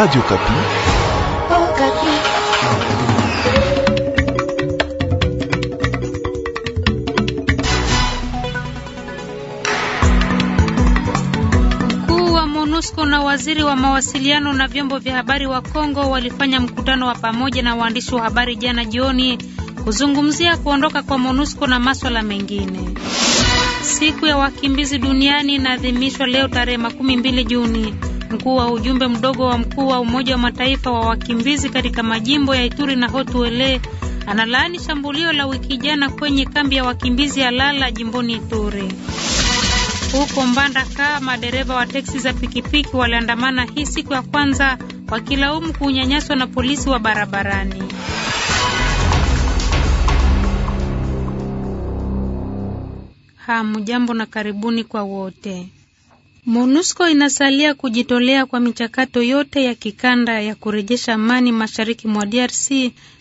Radio Kapi. Oh, Kapi. Mkuu wa MONUSCO na waziri wa mawasiliano na vyombo vya habari wa Kongo walifanya mkutano wa pamoja na waandishi wa habari jana jioni kuzungumzia kuondoka kwa MONUSCO na maswala mengine. Siku ya wakimbizi duniani inaadhimishwa leo tarehe makumi mbili Juni. Mkuu wa ujumbe mdogo wa mkuu wa Umoja wa Mataifa wa wakimbizi katika majimbo ya Ituri na Hotuele analaani shambulio la wiki jana kwenye kambi ya wakimbizi ya Lala jimboni Ituri. Huko Mbandaka, madereva wa teksi za pikipiki waliandamana hii siku ya kwanza wakilaumu kunyanyaswa na polisi wa barabarani. Hamjambo na karibuni kwa wote. MONUSCO inasalia kujitolea kwa michakato yote ya kikanda ya kurejesha amani mashariki mwa DRC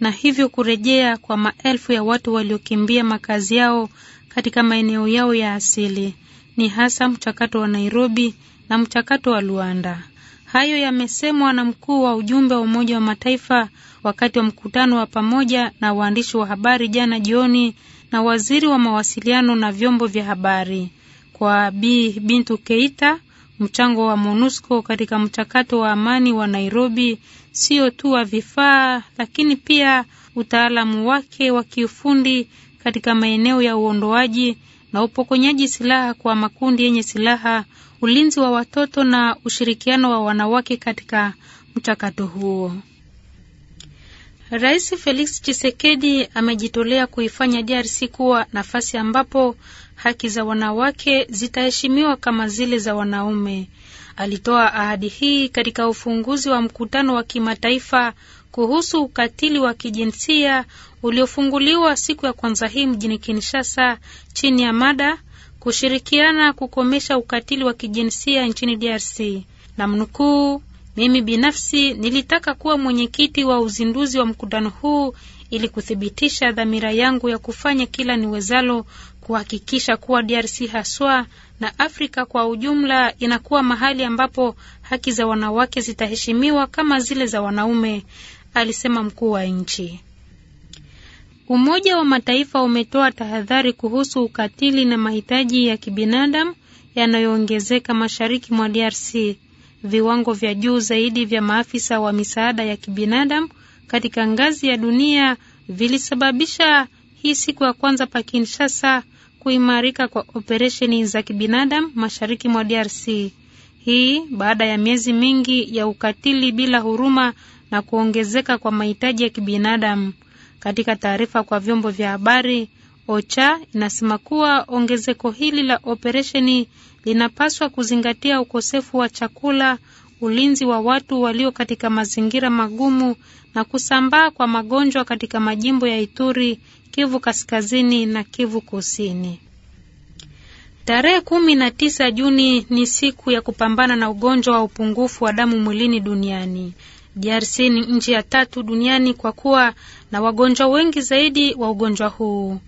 na hivyo kurejea kwa maelfu ya watu waliokimbia makazi yao katika maeneo yao ya asili. Ni hasa mchakato wa Nairobi na mchakato wa Luanda. Hayo yamesemwa na mkuu wa ujumbe wa Umoja wa Mataifa wakati wa mkutano wa pamoja na waandishi wa habari jana jioni na waziri wa mawasiliano na vyombo vya habari kwa b Bintu Keita, mchango wa MONUSCO katika mchakato wa amani wa Nairobi, sio tu wa vifaa, lakini pia utaalamu wake wa kiufundi katika maeneo ya uondoaji na upokonyaji silaha kwa makundi yenye silaha, ulinzi wa watoto na ushirikiano wa wanawake katika mchakato huo. Rais Felix Tshisekedi amejitolea kuifanya DRC kuwa nafasi ambapo haki za wanawake zitaheshimiwa kama zile za wanaume. Alitoa ahadi hii katika ufunguzi wa mkutano wa kimataifa kuhusu ukatili wa kijinsia uliofunguliwa siku ya kwanza hii mjini Kinshasa chini ya mada kushirikiana kukomesha ukatili wa kijinsia nchini DRC. Namnukuu, mimi binafsi nilitaka kuwa mwenyekiti wa uzinduzi wa mkutano huu ili kuthibitisha dhamira yangu ya kufanya kila niwezalo kuhakikisha kuwa DRC haswa na Afrika kwa ujumla inakuwa mahali ambapo haki za wanawake zitaheshimiwa kama zile za wanaume, alisema mkuu wa nchi. Umoja wa Mataifa umetoa tahadhari kuhusu ukatili na mahitaji ya kibinadamu yanayoongezeka mashariki mwa DRC viwango vya juu zaidi vya maafisa wa misaada ya kibinadamu katika ngazi ya dunia vilisababisha hii siku ya kwanza pa Kinshasa kuimarika kwa operesheni za kibinadamu mashariki mwa DRC. Hii baada ya miezi mingi ya ukatili bila huruma na kuongezeka kwa mahitaji ya kibinadamu. Katika taarifa kwa vyombo vya habari, OCHA inasema kuwa ongezeko hili la operesheni linapaswa kuzingatia ukosefu wa chakula, ulinzi wa watu walio katika mazingira magumu na kusambaa kwa magonjwa katika majimbo ya Ituri, Kivu Kaskazini na Kivu Kusini. Tarehe kumi na tisa Juni ni siku ya kupambana na ugonjwa wa upungufu wa damu mwilini duniani. DRC ni nchi ya tatu duniani kwa kuwa na wagonjwa wengi zaidi wa ugonjwa huu.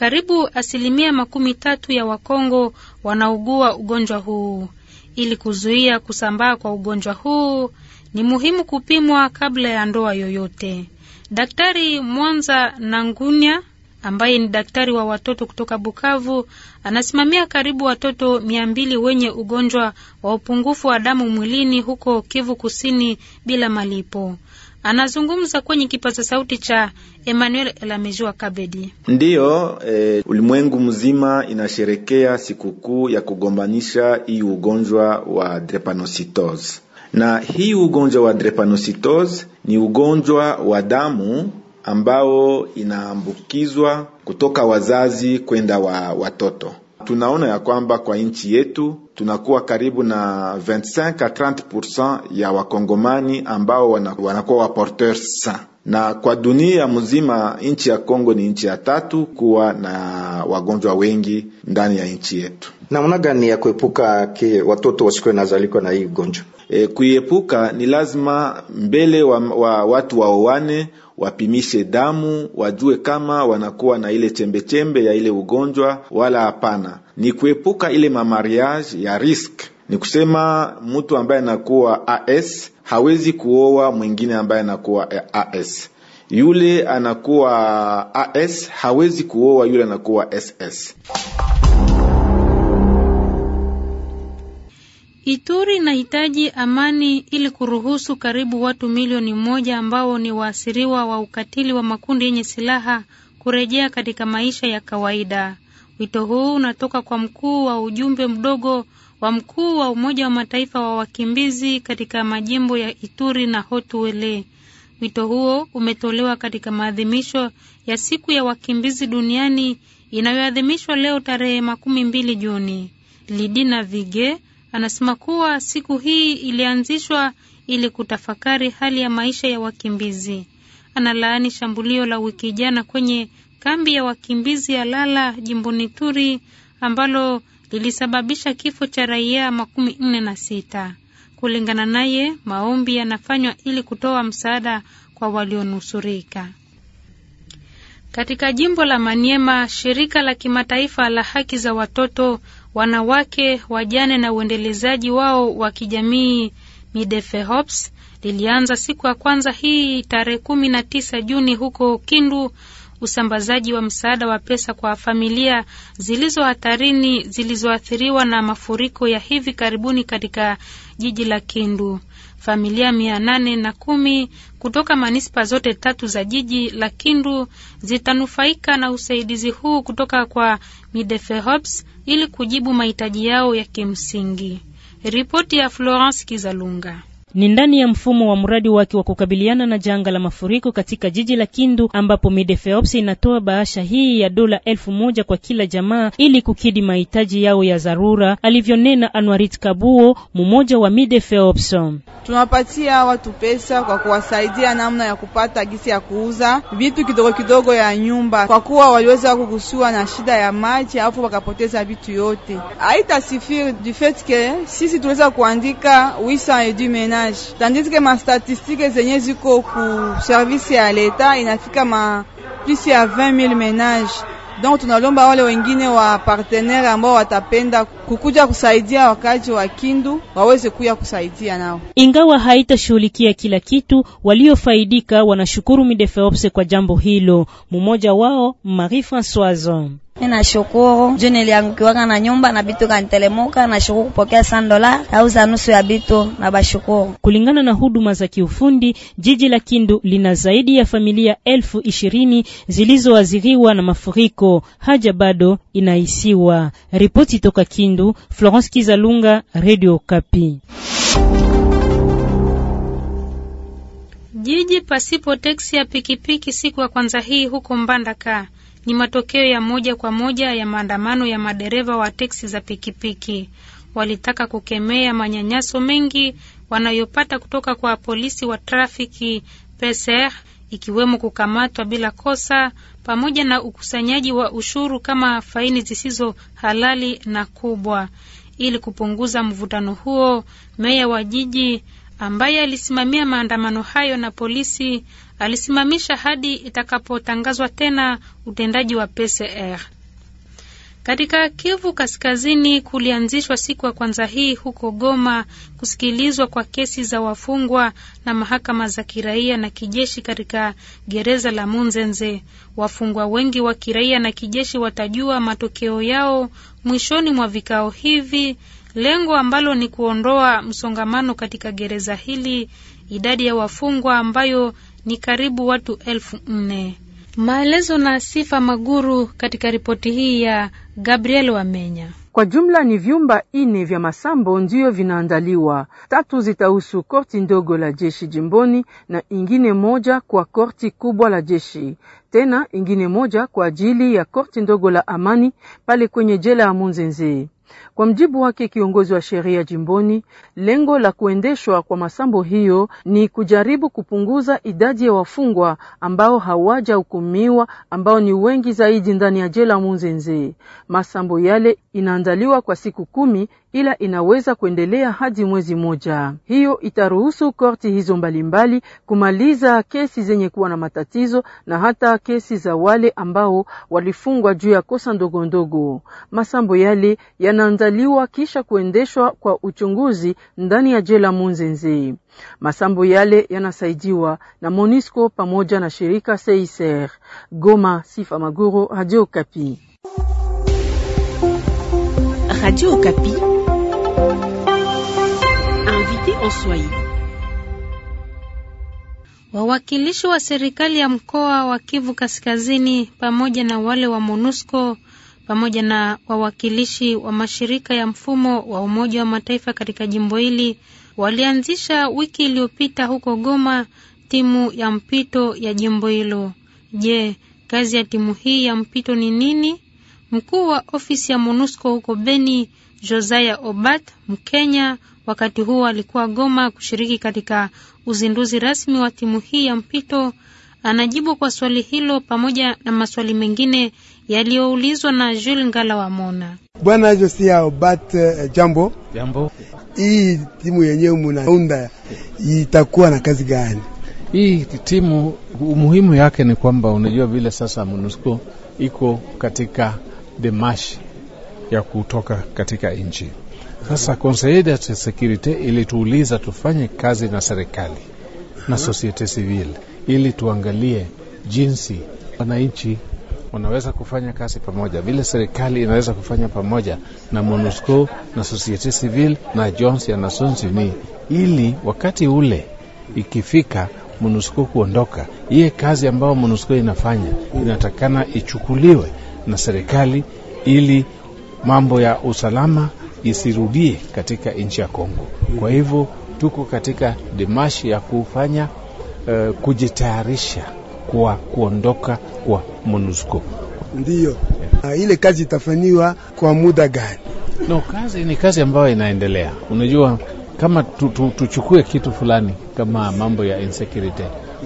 Karibu asilimia makumi tatu ya Wakongo wanaugua ugonjwa huu. Ili kuzuia kusambaa kwa ugonjwa huu, ni muhimu kupimwa kabla ya ndoa yoyote. Daktari Mwanza Nangunya ambaye ni daktari wa watoto kutoka Bukavu anasimamia karibu watoto mia mbili wenye ugonjwa wa upungufu wa damu mwilini huko Kivu Kusini bila malipo. Anazungumza kwenye kipaza sauti cha Emmanuel Lamejua Kabedi. Ndiyo, e, ulimwengu mzima inasherekea sikukuu ya kugombanisha hii ugonjwa wa drepanocytosis, na hii ugonjwa wa drepanocytosis ni ugonjwa wa damu ambao inaambukizwa kutoka wazazi kwenda wa watoto tunaona ya kwamba kwa nchi yetu tunakuwa karibu na 25 a 30% ya wakongomani ambao wanakuwa waporteur sa na kwa dunia mzima nchi ya Kongo ni nchi ya tatu kuwa na wagonjwa wengi ndani ya nchi yetu. Namna gani ya kuepuka ke watoto wasikuwe nazalikwa na hii ugonjwa? E, eh, kuiepuka ni lazima mbele wa, wa watu waoane wapimishe damu, wajue kama wanakuwa na ile chembechembe ya ile ugonjwa wala hapana. Ni kuepuka ile mamariage ya risk, ni kusema mtu ambaye anakuwa AS hawezi kuoa mwingine ambaye anakuwa AS yule anakuwa AS hawezi kuoa yule anakuwa SS. Ituri inahitaji amani ili kuruhusu karibu watu milioni moja ambao ni waasiriwa wa ukatili wa makundi yenye silaha kurejea katika maisha ya kawaida. Wito huu unatoka kwa mkuu wa ujumbe mdogo wa mkuu wa Umoja wa Mataifa wa wakimbizi katika majimbo ya Ituri na Hotuele. Wito huo umetolewa katika maadhimisho ya siku ya wakimbizi duniani inayoadhimishwa leo tarehe makumi mbili Juni. Lidina Vige Anasema kuwa siku hii ilianzishwa ili kutafakari hali ya maisha ya wakimbizi. Analaani shambulio la wiki jana kwenye kambi ya wakimbizi ya Lala jimboni Turi ambalo lilisababisha kifo cha raia makumi nne na sita. Kulingana naye, maombi yanafanywa ili kutoa msaada kwa walionusurika. Katika jimbo la Maniema, shirika la kimataifa la haki za watoto wanawake, wajane na uendelezaji wao wa kijamii Midefehops lilianza siku ya kwanza hii tarehe kumi na tisa Juni huko Kindu usambazaji wa msaada wa pesa kwa familia zilizo hatarini zilizoathiriwa na mafuriko ya hivi karibuni katika jiji la Kindu. Familia mia nane na kumi kutoka manispa zote tatu za jiji la Kindu zitanufaika na usaidizi huu kutoka kwa Midefehobs ili kujibu mahitaji yao ya kimsingi. Ripoti ya Florence Kizalunga ni ndani ya mfumo wa mradi wake wa kukabiliana na janga la mafuriko katika jiji la Kindu, ambapo Midefeops inatoa bahasha hii ya dola elfu moja kwa kila jamaa ili kukidi mahitaji yao ya dharura, alivyonena Anwarit Kabuo, mmoja wa Midefeops. tunapatia watu pesa kwa kuwasaidia namna ya kupata gisi ya kuuza vitu kidogo kidogo ya nyumba, kwa kuwa waliweza kugusiwa na shida ya maji alafu wakapoteza vitu yote. Haitasifiri du fait que sisi tuliweza kuandika wisa edumena menage tandizike mastatistike zenye ziko ku service ya leta inafika ma plus ya 000 ménages. Donc tunalomba wale wengine wa partenaire ambao watapenda kukuja kusaidia wakaji wa Kindu waweze kuya kusaidia nao. Ingawa haitashughulikia kila kitu, waliofaidika wanashukuru Midefeopse kwa jambo hilo. Mmoja wao Marie Françoise Mina shukuru juu niliangukiwaka na nyumba na bitu kanitelemuka. Na shukuru kupokea san dola auza nusu ya bitu na bashukuru. Kulingana na huduma za kiufundi, jiji la Kindu lina zaidi ya familia elfu ishirini zilizoathiriwa na mafuriko. Haja bado inaisiwa. Ripoti toka Kindu, Florence Kizalunga, Radio Kapi. Jiji pasipo teksi ya pikipiki siku ya kwanza hii huko Mbandaka ni matokeo ya moja kwa moja ya maandamano ya madereva wa teksi za pikipiki. Walitaka kukemea manyanyaso mengi wanayopata kutoka kwa polisi wa trafiki PCR, ikiwemo kukamatwa bila kosa pamoja na ukusanyaji wa ushuru kama faini zisizo halali na kubwa. Ili kupunguza mvutano huo, meya wa jiji ambaye alisimamia maandamano hayo na polisi alisimamisha hadi itakapotangazwa tena utendaji wa PCR. Katika Kivu Kaskazini kulianzishwa siku ya kwanza hii huko Goma kusikilizwa kwa kesi za wafungwa na mahakama za kiraia na kijeshi katika gereza la Munzenze. Wafungwa wengi wa kiraia na kijeshi watajua matokeo yao mwishoni mwa vikao hivi, lengo ambalo ni kuondoa msongamano katika gereza hili. Idadi ya wafungwa ambayo ni karibu watu elfu nne. Maelezo na Sifa Maguru katika ripoti hii ya Gabriel Wamenya. Kwa jumla ni vyumba ine vya masambo ndiyo vinaandaliwa. Tatu zitahusu korti ndogo la jeshi jimboni na ingine moja kwa korti kubwa la jeshi, tena ingine moja kwa ajili ya korti ndogo la amani pale kwenye jela ya Munzenze. Kwa mjibu wake kiongozi wa sheria jimboni, lengo la kuendeshwa kwa masambo hiyo ni kujaribu kupunguza idadi ya wafungwa ambao hawajahukumiwa ambao ni wengi zaidi ndani ya jela Munzenze. Masambo yale inaandaliwa kwa siku kumi ila inaweza kuendelea hadi mwezi moja. Hiyo itaruhusu korti hizo mbalimbali kumaliza kesi zenye kuwa na matatizo na hata kesi za wale ambao walifungwa juu ya kosa ndogo ndogo. Masambo yale yanaandaliwa kisha kuendeshwa kwa uchunguzi ndani ya jela Munzenze. Masambo yale yanasaidiwa na Monisco pamoja na shirika Seiser Goma, Sifa Maguru, Radio Kapi. Radio Kapi en Wawakilishi wa serikali ya mkoa wa Kivu Kaskazini pamoja na wale wa MONUSCO pamoja na wawakilishi wa mashirika ya mfumo wa Umoja wa Mataifa katika jimbo hili walianzisha wiki iliyopita huko Goma timu ya mpito ya jimbo hilo. Je, kazi ya timu hii ya mpito ni nini? Mkuu wa ofisi ya MONUSCO huko Beni, Josiah Obat Mkenya Wakati huo alikuwa Goma kushiriki katika uzinduzi rasmi wa timu hii ya mpito. Anajibu kwa swali hilo pamoja na maswali mengine yaliyoulizwa na Jules Ngala wa Mona. Bwana Josia Obat, eh, jambo jambo. Hii timu yenyewe munaunda itakuwa na kazi gani? Hii timu umuhimu yake ni kwamba unajua vile sasa MONUSCO iko katika demashi ya kutoka katika nchi sasa Conseil de Securite ilituuliza tufanye kazi na serikali na societe civil ili tuangalie jinsi wananchi wanaweza kufanya kazi pamoja, vile serikali inaweza kufanya pamoja na MONUSCO na societe civil na jons ya Nations Unies, ili wakati ule ikifika MONUSCO kuondoka, hiye kazi ambayo MONUSCO inafanya inatakana ichukuliwe na serikali ili mambo ya usalama isirudie katika nchi ya Kongo. Kwa hivyo tuko katika demashi ya kufanya uh, kujitayarisha kwa kuondoka kwa MONUSCO. Ndiyo. Yeah. Ile kazi itafanywa kwa muda gani? No, kazi ni kazi ambayo inaendelea. Unajua kama tuchukue kitu fulani kama mambo ya insecurity.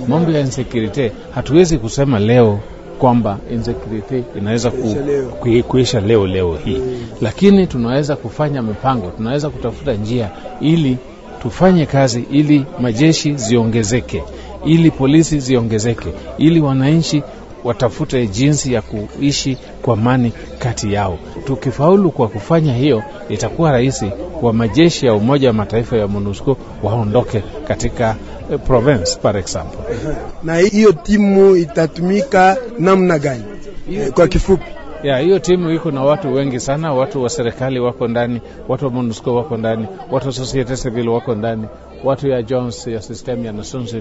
Mambo ya insecurity hatuwezi kusema leo kwamba insecurity inaweza ku, ku, kuisha leo leo hii mm. Lakini tunaweza kufanya mipango, tunaweza kutafuta njia ili tufanye kazi, ili majeshi ziongezeke, ili polisi ziongezeke, ili wananchi watafute jinsi ya kuishi kwa amani kati yao. Tukifaulu kwa kufanya hiyo, itakuwa rahisi kwa majeshi ya Umoja wa Mataifa ya MONUSCO waondoke katika Eh, province par example. Na hiyo timu itatumika namna gani eh, kwa kifupi? ya hiyo timu iko na watu wengi sana. Watu wa serikali wako ndani, watu wa MONUSCO wako ndani, watu wa societe civil wako ndani, watu ya Jones ya system ya Nations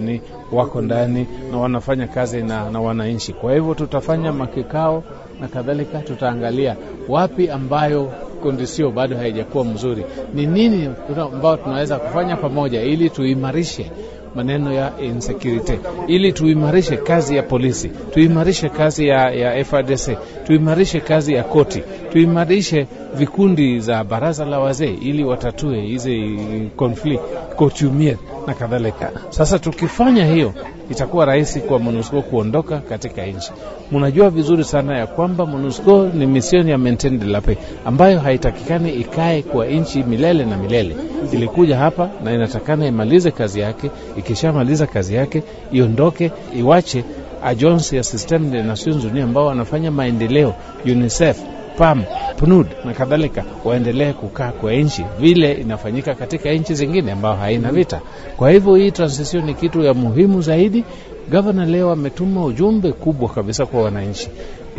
wako ndani na wanafanya kazi na, na wananchi. Kwa hivyo tutafanya makikao na kadhalika, tutaangalia wapi ambayo kondisio bado haijakuwa mzuri, ni nini ambao tunaweza kufanya pamoja ili tuimarishe maneno ya insecurity, ili tuimarishe kazi ya polisi, tuimarishe kazi ya, ya FARDC, tuimarishe kazi ya koti, tuimarishe vikundi za baraza la wazee, ili watatue hizi conflict, coutumier na kadhalika. Sasa tukifanya hiyo itakuwa rahisi kwa MONUSCO kuondoka katika nchi. Mnajua vizuri sana ya kwamba MONUSCO ni misioni ya maintain de la paix ambayo haitakikani ikae kwa nchi milele na milele. Ilikuja hapa na inatakana imalize kazi yake, ikishamaliza kazi yake iondoke, iwache agensi ya system de nations unie ambao wanafanya maendeleo UNICEF PAM, PNUD na kadhalika waendelee kukaa kwa nchi vile inafanyika katika nchi zingine ambayo haina mm-hmm. vita. Kwa hivyo hii transition ni kitu ya muhimu zaidi. Gavana leo ametuma ujumbe kubwa kabisa kwa wananchi,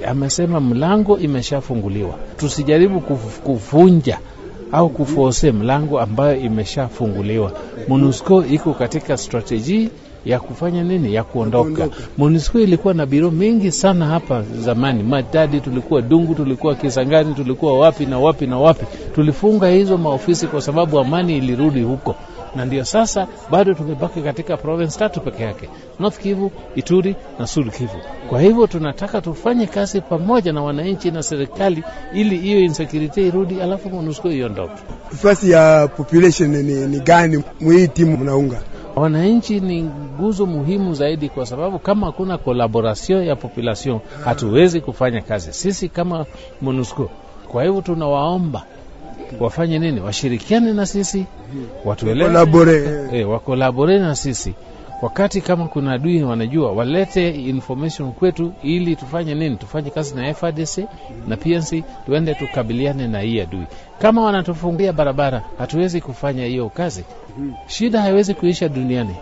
amesema mlango imeshafunguliwa, tusijaribu kuvunja au kufose mlango ambayo imeshafunguliwa. Mm-hmm. MONUSCO iko katika strategy ya kufanya nini, ya kuondoka. MONUSCO ilikuwa na biro mingi sana hapa zamani, Matadi tulikuwa, Dungu tulikuwa, Kisangani tulikuwa, wapi na wapi na wapi. Tulifunga hizo maofisi kwa sababu amani ilirudi huko, na ndio sasa bado tumebaki katika province tatu peke yake, North Kivu, Ituri na Sud Kivu. Kwa hivyo tunataka tufanye kazi pamoja na wananchi na serikali, ili hiyo insecurity irudi, alafu MONUSCO iondoke. Nafasi ya population ni, ni gani mwii timu mnaunga Wananchi ni nguzo muhimu zaidi, kwa sababu kama hakuna kolaborasion ya population hatuwezi kufanya kazi sisi kama MONUSCO. Kwa hivyo tunawaomba wafanye nini? Washirikiane na sisi, watuelewe, wakolabore eh, na sisi Wakati kama kuna adui wanajua, walete information kwetu, ili tufanye nini? Tufanye kazi na FDC na PNC, tuende tukabiliane na hii adui. Kama wanatufungia barabara, hatuwezi kufanya hiyo kazi. Shida haiwezi kuisha duniani.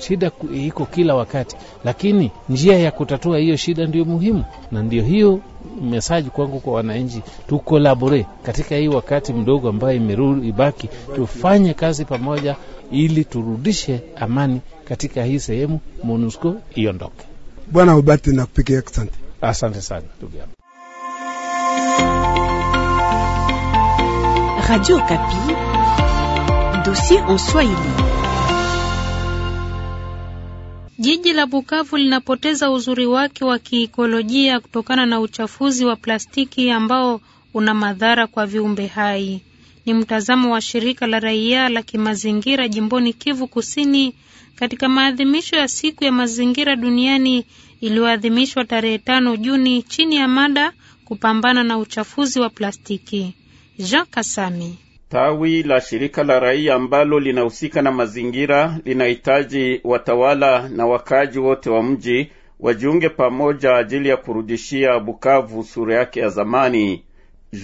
Shida iko kila wakati, lakini njia ya kutatua hiyo shida ndio muhimu, na ndio hiyo mesaji kwangu kwa wananchi, tukolabore katika hii wakati mdogo ambayo imerudi ibaki, tufanye kazi pamoja ili turudishe amani katika hii sehemu MONUSCO iondoke. Bwana Ubati, nakupigia asante. Asante sana ndugu yangu. Radio Kapi, dossier en Swahili. Jiji la Bukavu linapoteza uzuri wake wa kiikolojia kutokana na uchafuzi wa plastiki ambao una madhara kwa viumbe hai. Ni mtazamo wa shirika la raia la kimazingira jimboni Kivu Kusini katika maadhimisho ya siku ya mazingira duniani iliyoadhimishwa tarehe tano Juni chini ya mada kupambana na uchafuzi wa plastiki. Jean Kasami Tawi la shirika la raia ambalo linahusika na mazingira linahitaji watawala na wakaaji wote wa mji wajiunge pamoja ajili ya kurudishia Bukavu sura yake ya zamani.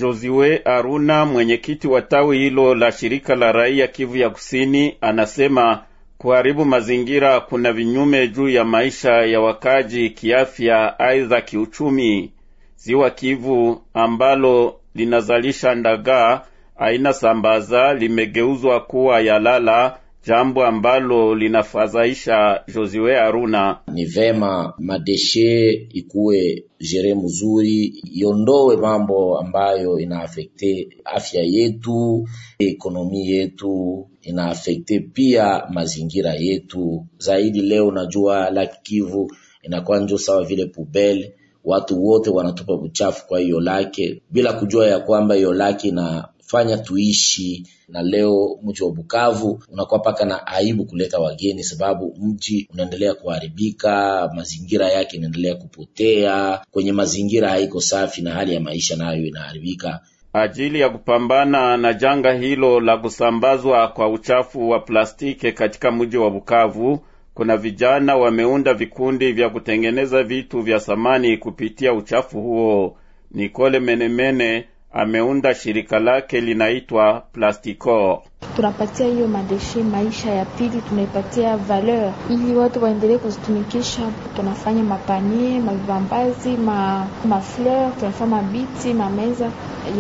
Josue Aruna, mwenyekiti wa tawi hilo la shirika la raia Kivu ya Kusini, anasema Kuharibu mazingira kuna vinyume juu ya maisha ya wakaji kiafya, aidha kiuchumi. Ziwa Kivu ambalo linazalisha ndagaa aina sambaza limegeuzwa kuwa yalala jambo ambalo linafadhaisha Josue Aruna. Ni vema madeshe ikuwe jere mzuri, iondoe mambo ambayo inaafekte afya yetu, ekonomi yetu, inaafekte pia mazingira yetu zaidi. Leo najua Laki Kivu inakuwa njo sawa vile pubele, watu wote wanatupa uchafu kwa hiyo lake bila kujua ya kwamba hiyo lake na fanya tuishi, na leo mji wa Bukavu unakuwa paka na aibu kuleta wageni, sababu mji unaendelea kuharibika, mazingira yake inaendelea kupotea, kwenye mazingira haiko safi na hali ya maisha nayo inaharibika ajili ya kupambana na janga hilo la kusambazwa kwa uchafu wa plastiki katika mji wa Bukavu, kuna vijana wameunda vikundi vya kutengeneza vitu vya samani kupitia uchafu huo. Nikole Menemene ameunda shirika lake linaitwa Plasticor. Tunapatia hiyo madeshe maisha ya pili, tunaipatia valeur ili watu waendelee kuzitumikisha. Tunafanya mapanie, mavambazi, ma mafleur, tunafanya mabiti, mameza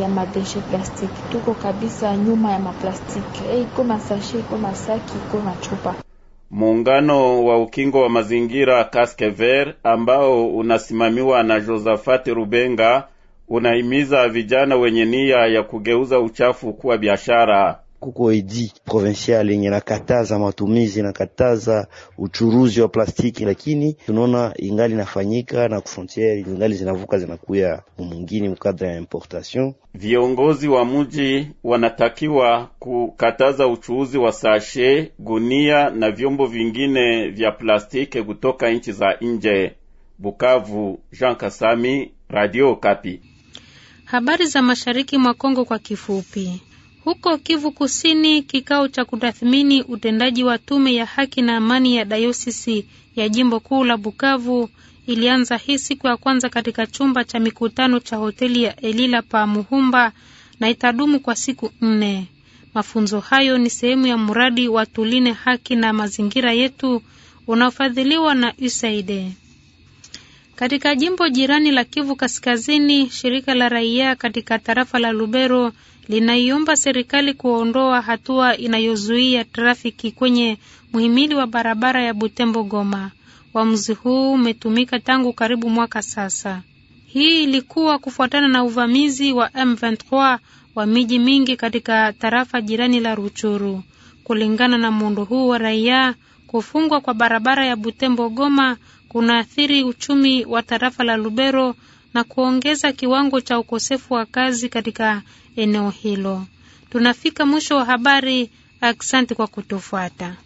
ya madeshe plastiki. Tuko kabisa nyuma ya maplastiki, eh, iko masashe, iko masaki, iko machupa. Muungano wa ukingo wa mazingira Casque Vert ambao unasimamiwa na Josafat Rubenga unahimiza vijana wenye nia ya kugeuza uchafu kuwa biashara. Kuko edi provincial yenye nakataza matumizi nakataza uchuruzi wa plastiki, lakini tunaona ingali inafanyika na frontiere ingali zinavuka zinakuya mumungini mkadra ya importation. Viongozi wa mji wanatakiwa kukataza uchuuzi wa sashe, gunia na vyombo vingine vya plastiki kutoka nchi za nje. Bukavu, Jean Kasami, Radio Kapi. Habari za mashariki mwa Kongo kwa kifupi. Huko Kivu Kusini, kikao cha kutathmini utendaji wa tume ya haki na amani ya dayosisi ya jimbo kuu la Bukavu ilianza hii siku ya kwanza katika chumba cha mikutano cha hoteli ya Elila pa Muhumba na itadumu kwa siku nne. Mafunzo hayo ni sehemu ya mradi wa Tuline haki na mazingira yetu unaofadhiliwa na USAID. Katika jimbo jirani la Kivu Kaskazini, shirika la raia katika tarafa la Lubero linaiomba serikali kuondoa hatua inayozuia trafiki kwenye muhimili wa barabara ya Butembo Goma. Uamuzi huu umetumika tangu karibu mwaka sasa. Hii ilikuwa kufuatana na uvamizi wa M23 wa miji mingi katika tarafa jirani la Ruchuru. Kulingana na muundo huu wa raia, kufungwa kwa barabara ya Butembo Goma kunaathiri uchumi wa tarafa la Lubero na kuongeza kiwango cha ukosefu wa kazi katika eneo hilo. Tunafika mwisho wa habari. Asante kwa kutufuata.